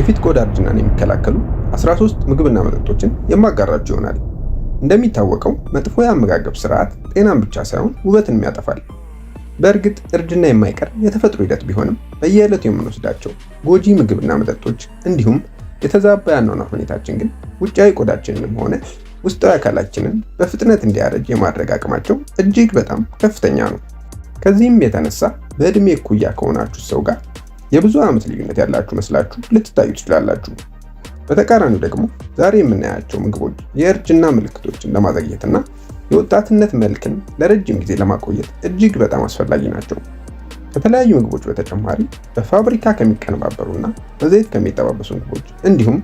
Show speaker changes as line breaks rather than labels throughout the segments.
የፊት ቆዳ እርጅናን የሚከላከሉ 13 ምግብና መጠጦችን የማጋራችሁ ይሆናል። እንደሚታወቀው መጥፎ የአመጋገብ ስርዓት ጤናን ብቻ ሳይሆን ውበትንም ያጠፋል። በእርግጥ እርጅና የማይቀር የተፈጥሮ ሂደት ቢሆንም በየዕለቱ የምንወስዳቸው ጎጂ ምግብና መጠጦች እንዲሁም የተዛባ ያኗኗር ሁኔታችን ግን ውጫዊ ቆዳችንንም ሆነ ውስጣዊ አካላችንን በፍጥነት እንዲያረጅ የማድረግ አቅማቸው እጅግ በጣም ከፍተኛ ነው። ከዚህም የተነሳ በዕድሜ እኩያ ከሆናችሁ ሰው ጋር የብዙ ዓመት ልዩነት ያላችሁ መስላችሁ ልትታዩ ትችላላችሁ። በተቃራኒው ደግሞ ዛሬ የምናያቸው ምግቦች የእርጅና ምልክቶችን ለማዘግየትና የወጣትነት መልክን ለረጅም ጊዜ ለማቆየት እጅግ በጣም አስፈላጊ ናቸው። ከተለያዩ ምግቦች በተጨማሪ በፋብሪካ ከሚቀነባበሩና በዘይት ከሚጠባበሱ ምግቦች እንዲሁም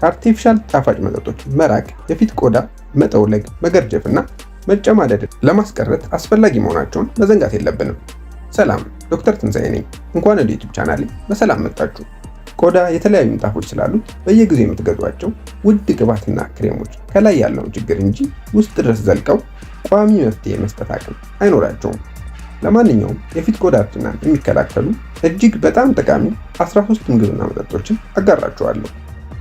ከአርቲፊሻል ጣፋጭ መጠጦች መራቅ የፊት ቆዳ መጠውለግ፣ መገርጀፍ ና መጨማደድ ለማስቀረት አስፈላጊ መሆናቸውን መዘንጋት የለብንም። ሰላም፣ ዶክተር ትንሣኤ ነኝ። እንኳን ወደ ዩቱብ ቻናሌ በሰላም መጣችሁ። ቆዳ የተለያዩ ንጣፎች ስላሉት በየጊዜው የምትገዟቸው ውድ ቅባትና ክሬሞች ከላይ ያለውን ችግር እንጂ ውስጥ ድረስ ዘልቀው ቋሚ መፍትሄ መስጠት አቅም አይኖራቸውም። ለማንኛውም የፊት ቆዳ እርጅናን የሚከላከሉ እጅግ በጣም ጠቃሚ 13 ምግብና መጠጦችን አጋራችኋለሁ።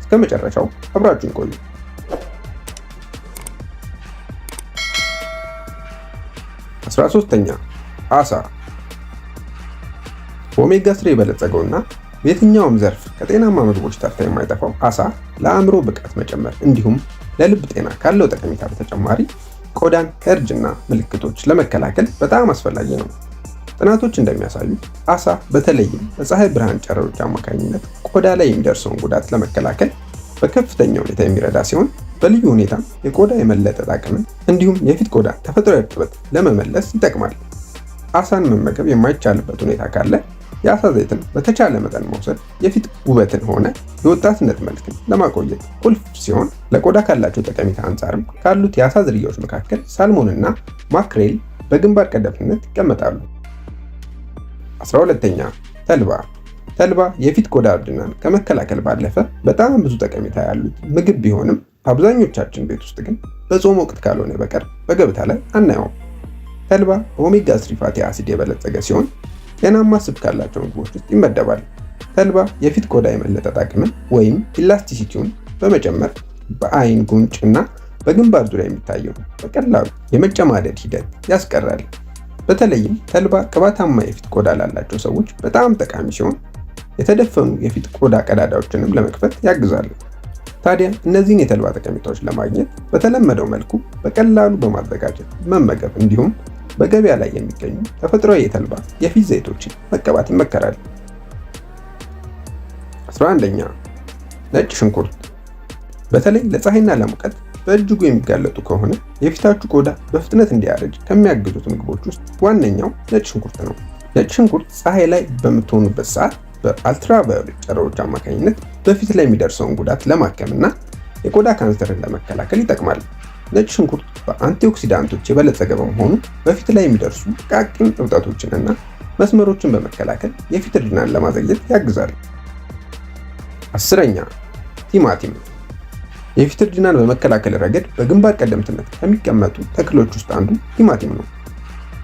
እስከ መጨረሻው አብራችሁን ቆዩ። አስራ ሶስተኛ አሳ በኦሜጋ ስሪ የበለጸገውና በየትኛውም ዘርፍ ከጤናማ ምግቦች ተርታ የማይጠፋው አሳ ለአእምሮ ብቃት መጨመር እንዲሁም ለልብ ጤና ካለው ጠቀሜታ በተጨማሪ ቆዳን ከእርጅና ምልክቶች ለመከላከል በጣም አስፈላጊ ነው። ጥናቶች እንደሚያሳዩት አሳ በተለይም በፀሐይ ብርሃን ጨረሮች አማካኝነት ቆዳ ላይ የሚደርሰውን ጉዳት ለመከላከል በከፍተኛ ሁኔታ የሚረዳ ሲሆን በልዩ ሁኔታ የቆዳ የመለጠጥ አቅምን እንዲሁም የፊት ቆዳ ተፈጥሮ እርጥበት ለመመለስ ይጠቅማል። አሳን መመገብ የማይቻልበት ሁኔታ ካለ የአሳ ዘይትን በተቻለ መጠን መውሰድ የፊት ውበትን ሆነ የወጣትነት መልክን ለማቆየት ቁልፍ ሲሆን ለቆዳ ካላቸው ጠቀሜታ አንጻርም ካሉት የአሳ ዝርያዎች መካከል ሳልሞንና ማክሬል በግንባር ቀደምትነት ይቀመጣሉ። 12ኛ ተልባ ተልባ የፊት ቆዳ እርጅናን ከመከላከል ባለፈ በጣም ብዙ ጠቀሜታ ያሉት ምግብ ቢሆንም አብዛኞቻችን ቤት ውስጥ ግን በጾም ወቅት ካልሆነ በቀር በገበታ ላይ አናየውም። ተልባ በኦሜጋ ስሪ አሲድ የበለጸገ ሲሆን ጤናማ ስብ ካላቸው ምግቦች ውስጥ ይመደባል። ተልባ የፊት ቆዳ የመለጠጥ አቅምን ወይም ኢላስቲሲቲውን በመጨመር በአይን ጉንጭ፣ እና በግንባር ዙሪያ የሚታየው በቀላሉ የመጨማደድ ሂደት ያስቀራል። በተለይም ተልባ ቅባታማ የፊት ቆዳ ላላቸው ሰዎች በጣም ጠቃሚ ሲሆን የተደፈኑ የፊት ቆዳ ቀዳዳዎችንም ለመክፈት ያግዛሉ። ታዲያ እነዚህን የተልባ ጠቀሜታዎች ለማግኘት በተለመደው መልኩ በቀላሉ በማዘጋጀት መመገብ እንዲሁም በገበያ ላይ የሚገኙ ተፈጥሯዊ የተልባ የፊት ዘይቶችን መቀባት ይመከራል። 11ኛ ነጭ ሽንኩርት በተለይ ለፀሐይና ለሙቀት በእጅጉ የሚጋለጡ ከሆነ የፊታችሁ ቆዳ በፍጥነት እንዲያረጅ ከሚያግዙት ምግቦች ውስጥ ዋነኛው ነጭ ሽንኩርት ነው። ነጭ ሽንኩርት ፀሐይ ላይ በምትሆኑበት ሰዓት በአልትራቫዮሌት ጨረሮች አማካኝነት በፊት ላይ የሚደርሰውን ጉዳት ለማከምና የቆዳ ካንሰርን ለመከላከል ይጠቅማል። ነጭ ሽንኩርት በአንቲኦክሲዳንቶች የበለጸገ በመሆኑ በፊት ላይ የሚደርሱ ጥቃቅን እብጠቶችን እና መስመሮችን በመከላከል የፊት እርጅናን ለማዘግየት ያግዛል። አስረኛ ቲማቲም የፊት እርጅናን በመከላከል ረገድ በግንባር ቀደምትነት ከሚቀመጡ ተክሎች ውስጥ አንዱ ቲማቲም ነው።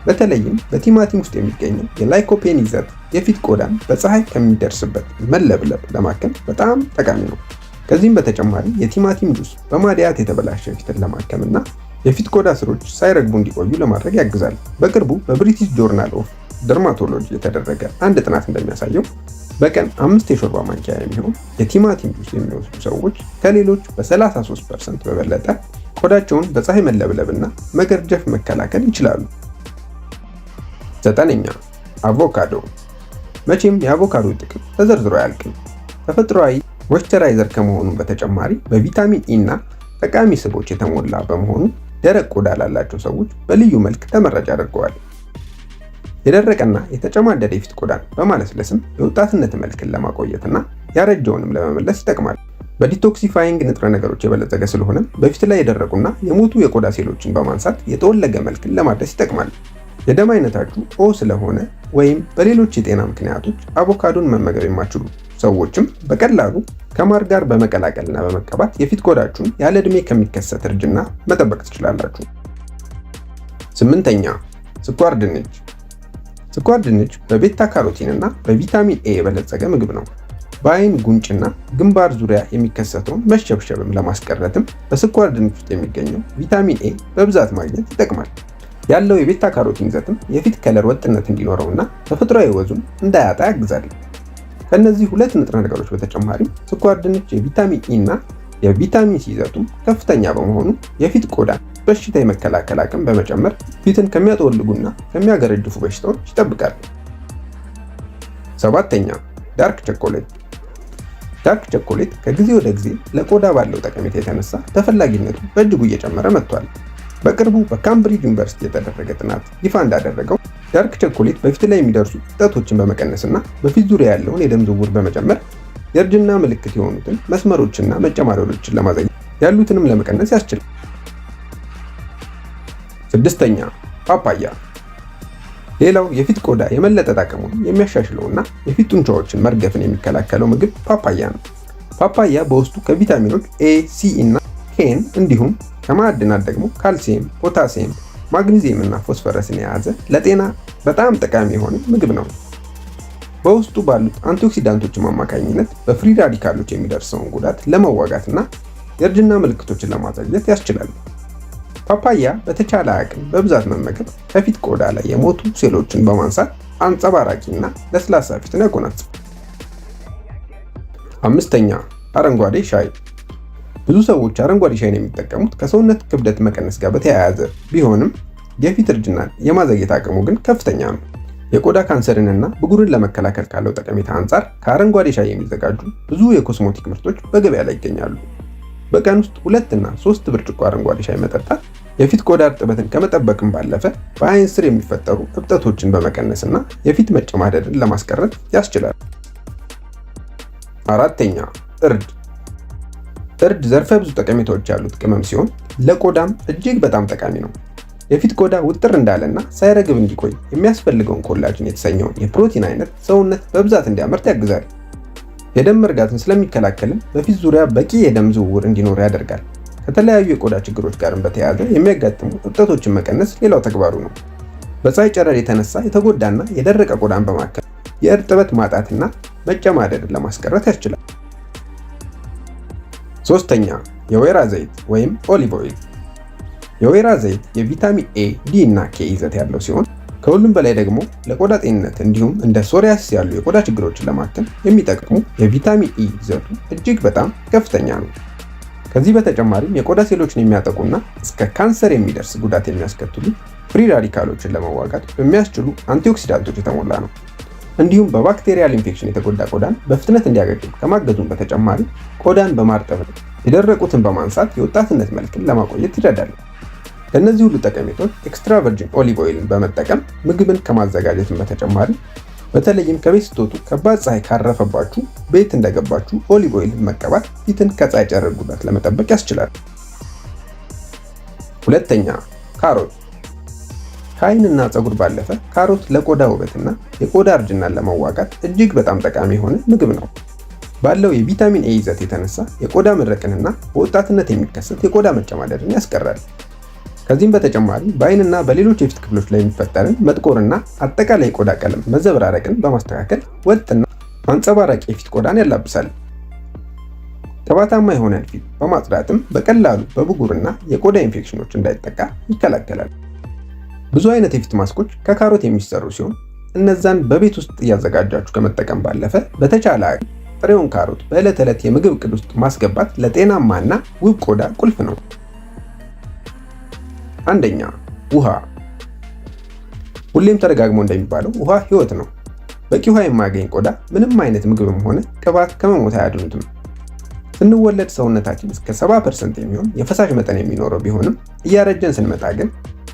በተለይም በቲማቲም ውስጥ የሚገኘው የላይኮፔን ይዘት የፊት ቆዳን በፀሐይ ከሚደርስበት መለብለብ ለማከም በጣም ጠቃሚ ነው። ከዚህም በተጨማሪ የቲማቲም ጁስ በማዲያት የተበላሸ ፊትን ለማከም እና የፊት ቆዳ ስሮች ሳይረግቡ እንዲቆዩ ለማድረግ ያግዛል። በቅርቡ በብሪቲሽ ጆርናል ኦፍ ደርማቶሎጂ የተደረገ አንድ ጥናት እንደሚያሳየው በቀን አምስት የሾርባ ማንኪያ የሚሆን የቲማቲም ጁስ የሚወስዱ ሰዎች ከሌሎች በ33 ፐርሰንት በበለጠ ቆዳቸውን በፀሐይ መለብለብና መገርጀፍ መከላከል ይችላሉ። ዘጠነኛ አቮካዶ። መቼም የአቮካዶ ጥቅም ተዘርዝሮ አያልቅም። ተፈጥሯዊ ሞይስቸራይዘር ከመሆኑ በተጨማሪ በቪታሚን ኢ e እና ጠቃሚ ስቦች የተሞላ በመሆኑ ደረቅ ቆዳ ላላቸው ሰዎች በልዩ መልክ ተመራጭ አድርገዋል። የደረቀና የተጨማደደ የፊት ቆዳን በማለስለስም የወጣትነት መልክን ለማቆየትና ያረጀውንም ለመመለስ ይጠቅማል። በዲቶክሲፋይንግ ንጥረ ነገሮች የበለጸገ ስለሆነ በፊት ላይ የደረቁና የሞቱ የቆዳ ሴሎችን በማንሳት የተወለገ መልክን ለማድረስ ይጠቅማል። የደም አይነታችሁ ኦ ስለሆነ ወይም በሌሎች የጤና ምክንያቶች አቮካዶን መመገብ የማችሉ ሰዎችም በቀላሉ ከማር ጋር በመቀላቀልና በመቀባት የፊት ቆዳችሁን ያለ ዕድሜ ከሚከሰት እርጅና መጠበቅ ትችላላችሁ። ስምንተኛ ስኳር ድንች። ስኳር ድንች በቤታ ካሮቲን እና በቪታሚን ኤ የበለጸገ ምግብ ነው። በአይን ጉንጭና ግንባር ዙሪያ የሚከሰተውን መሸብሸብም ለማስቀረትም በስኳር ድንች ውስጥ የሚገኘው ቪታሚን ኤ በብዛት ማግኘት ይጠቅማል። ያለው የቤታ ካሮቲን ይዘትም የፊት ከለር ወጥነት እንዲኖረውና ተፈጥሯዊ ወዙም እንዳያጣ ያግዛል። ከእነዚህ ሁለት ንጥረ ነገሮች በተጨማሪም ስኳር ድንች የቪታሚን ኢ e እና የቪታሚን ሲ ይዘቱም ከፍተኛ በመሆኑ የፊት ቆዳ በሽታ የመከላከል አቅም በመጨመር ፊትን ከሚያጠወልጉና ከሚያገረድፉ በሽታዎች ይጠብቃል። ሰባተኛ ዳርክ ቸኮሌት። ዳርክ ቸኮሌት ከጊዜ ወደ ጊዜ ለቆዳ ባለው ጠቀሜታ የተነሳ ተፈላጊነቱ በእጅጉ እየጨመረ መጥቷል። በቅርቡ በካምብሪጅ ዩኒቨርሲቲ የተደረገ ጥናት ይፋ እንዳደረገው ዳርክ ቸኮሌት በፊት ላይ የሚደርሱ እብጠቶችን በመቀነስና በፊት ዙሪያ ያለውን የደም ዝውውር በመጨመር የእርጅና ምልክት የሆኑትን መስመሮችና መጨማሪዎችን ለማዘግየት ያሉትንም ለመቀነስ ያስችላል። ስድስተኛ ፓፓያ። ሌላው የፊት ቆዳ የመለጠጥ አቅሙን የሚያሻሽለውና የፊት ጡንቻዎችን መርገፍን የሚከላከለው ምግብ ፓፓያ ነው። ፓፓያ በውስጡ ከቪታሚኖች ኤ፣ ሲ እና ኬን እንዲሁም ከማዕድናት ደግሞ ካልሲየም፣ ፖታሲየም ማግኒዚየም እና ፎስፈረስን የያዘ ለጤና በጣም ጠቃሚ የሆነ ምግብ ነው። በውስጡ ባሉት አንቲኦክሲዳንቶች አማካኝነት በፍሪ ራዲካሎች የሚደርሰውን ጉዳት ለመዋጋት እና የእርጅና ምልክቶችን ለማዘግየት ያስችላል። ፓፓያ በተቻለ አቅም በብዛት መመገብ ከፊት ቆዳ ላይ የሞቱ ሴሎችን በማንሳት አንጸባራቂ እና ለስላሳ ፊትን ያጎናጽፋል። አምስተኛ አረንጓዴ ሻይ ብዙ ሰዎች አረንጓዴ ሻይን የሚጠቀሙት ከሰውነት ክብደት መቀነስ ጋር በተያያዘ ቢሆንም የፊት እርጅናን የማዘግየት አቅሙ ግን ከፍተኛ ነው። የቆዳ ካንሰርን እና ብጉርን ለመከላከል ካለው ጠቀሜታ አንጻር ከአረንጓዴ ሻይ የሚዘጋጁ ብዙ የኮስሞቲክ ምርቶች በገበያ ላይ ይገኛሉ። በቀን ውስጥ ሁለት እና ሶስት ብርጭቆ አረንጓዴ ሻይ መጠጣት የፊት ቆዳ እርጥበትን ከመጠበቅም ባለፈ በአይን ስር የሚፈጠሩ እብጠቶችን በመቀነስ የፊት መጨማደድን ለማስቀረት ያስችላል። አራተኛ እርድ እርድ ዘርፈ ብዙ ጠቀሜታዎች ያሉት ቅመም ሲሆን ለቆዳም እጅግ በጣም ጠቃሚ ነው። የፊት ቆዳ ውጥር እንዳለና ሳይረግብ እንዲቆይ የሚያስፈልገውን ኮላጅን የተሰኘውን የፕሮቲን አይነት ሰውነት በብዛት እንዲያመርት ያግዛል። የደም መርጋትን ስለሚከላከልም በፊት ዙሪያ በቂ የደም ዝውውር እንዲኖር ያደርጋል። ከተለያዩ የቆዳ ችግሮች ጋርም በተያያዘ የሚያጋጥሙ እብጠቶችን መቀነስ ሌላው ተግባሩ ነው። በፀሐይ ጨረር የተነሳ የተጎዳና የደረቀ ቆዳን በማከም የእርጥበት ማጣትና መጨማደድን ለማስቀረት ያስችላል። ሶስተኛ የወይራ ዘይት ወይም ኦሊቭ ኦይል። የወይራ ዘይት የቪታሚን ኤ፣ ዲ እና ኬ ይዘት ያለው ሲሆን ከሁሉም በላይ ደግሞ ለቆዳ ጤንነት እንዲሁም እንደ ሶሪያስ ያሉ የቆዳ ችግሮችን ለማከም የሚጠቅሙ የቪታሚን ኢ ይዘቱ እጅግ በጣም ከፍተኛ ነው። ከዚህ በተጨማሪም የቆዳ ሴሎችን የሚያጠቁና እስከ ካንሰር የሚደርስ ጉዳት የሚያስከትሉ ፍሪ ራዲካሎችን ለመዋጋት በሚያስችሉ አንቲኦክሲዳንቶች የተሞላ ነው። እንዲሁም በባክቴሪያል ኢንፌክሽን የተጎዳ ቆዳን በፍጥነት እንዲያገግም ከማገዙም በተጨማሪ ቆዳን በማርጠብ የደረቁትን በማንሳት የወጣትነት መልክን ለማቆየት ይረዳል። ለእነዚህ ሁሉ ጠቀሜቶች ኤክስትራ ቨርጂን ኦሊቭ ኦይልን በመጠቀም ምግብን ከማዘጋጀትን በተጨማሪ በተለይም ከቤት ስትወጡ ከባድ ፀሐይ ካረፈባችሁ ቤት እንደገባችሁ ኦሊቭ ኦይልን መቀባት ፊትን ከፀሐይ ጨረር ጉዳት ለመጠበቅ ያስችላል። ሁለተኛ ካሮት ከአይንና ፀጉር ባለፈ ካሮት ለቆዳ ውበትና የቆዳ እርጅናን ለመዋጋት እጅግ በጣም ጠቃሚ የሆነ ምግብ ነው። ባለው የቪታሚን ኤ ይዘት የተነሳ የቆዳ መድረቅንና በወጣትነት የሚከሰት የቆዳ መጨማደድን ያስቀራል። ከዚህም በተጨማሪ በአይንና በሌሎች የፊት ክፍሎች ላይ የሚፈጠርን መጥቆርና አጠቃላይ የቆዳ ቀለም መዘበራረቅን በማስተካከል ወጥና አንጸባራቂ የፊት ቆዳን ያላብሳል። ቅባታማ የሆነን ፊት በማጽዳትም በቀላሉ በብጉርና የቆዳ ኢንፌክሽኖች እንዳይጠቃ ይከላከላል። ብዙ አይነት የፊት ማስኮች ከካሮት የሚሰሩ ሲሆን እነዛን በቤት ውስጥ እያዘጋጃችሁ ከመጠቀም ባለፈ በተቻለ አቅም ጥሬውን ካሮት በዕለት ዕለት የምግብ ዕቅድ ውስጥ ማስገባት ለጤናማና ውብ ቆዳ ቁልፍ ነው። አንደኛ ውሃ። ሁሌም ተደጋግሞ እንደሚባለው ውሃ ህይወት ነው። በቂ ውሃ የማያገኝ ቆዳ ምንም አይነት ምግብም ሆነ ቅባት ከመሞት አያድኑትም። ስንወለድ ሰውነታችን እስከ 70 ፐርሰንት የሚሆን የፈሳሽ መጠን የሚኖረው ቢሆንም እያረጀን ስንመጣ ግን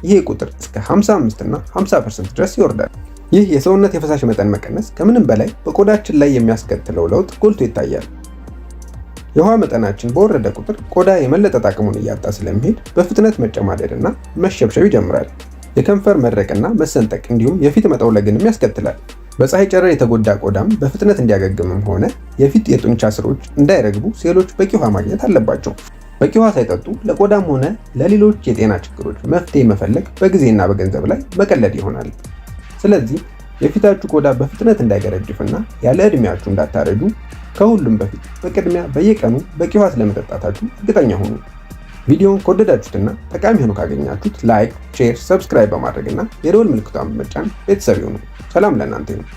ይህ ቁጥር እስከ 55 እና 50% ድረስ ይወርዳል። ይህ የሰውነት የፈሳሽ መጠን መቀነስ ከምንም በላይ በቆዳችን ላይ የሚያስከትለው ለውጥ ጎልቶ ይታያል። የውሃ መጠናችን በወረደ ቁጥር ቆዳ የመለጠጥ አቅሙን እያጣ ስለሚሄድ በፍጥነት መጨማደድ እና መሸብሸብ ይጀምራል። የከንፈር መድረቅና መሰንጠቅ እንዲሁም የፊት መጠውለግንም ያስከትላል። በፀሐይ ጨረር የተጎዳ ቆዳም በፍጥነት እንዲያገግምም ሆነ የፊት የጡንቻ ስሮች እንዳይረግቡ ሴሎች በቂ ውሃ ማግኘት አለባቸው። በቂ ውሃ ሳይጠጡ ለቆዳም ሆነ ለሌሎች የጤና ችግሮች መፍትሄ መፈለግ በጊዜና በገንዘብ ላይ መቀለድ ይሆናል። ስለዚህ የፊታችሁ ቆዳ በፍጥነት እንዳይገረጅፍና ያለ ዕድሜያችሁ እንዳታረጁ ከሁሉም በፊት በቅድሚያ በየቀኑ በቂ ውሃ ስለመጠጣታችሁ እርግጠኛ ሁኑ። ቪዲዮውን ከወደዳችሁትና ጠቃሚ ሆኖ ካገኛችሁት ላይክ፣ ሼር፣ ሰብስክራይብ በማድረግና የደወል ምልክቷን በመጫን ቤተሰብ ይሁኑ። ሰላም ለእናንተ ይሁን።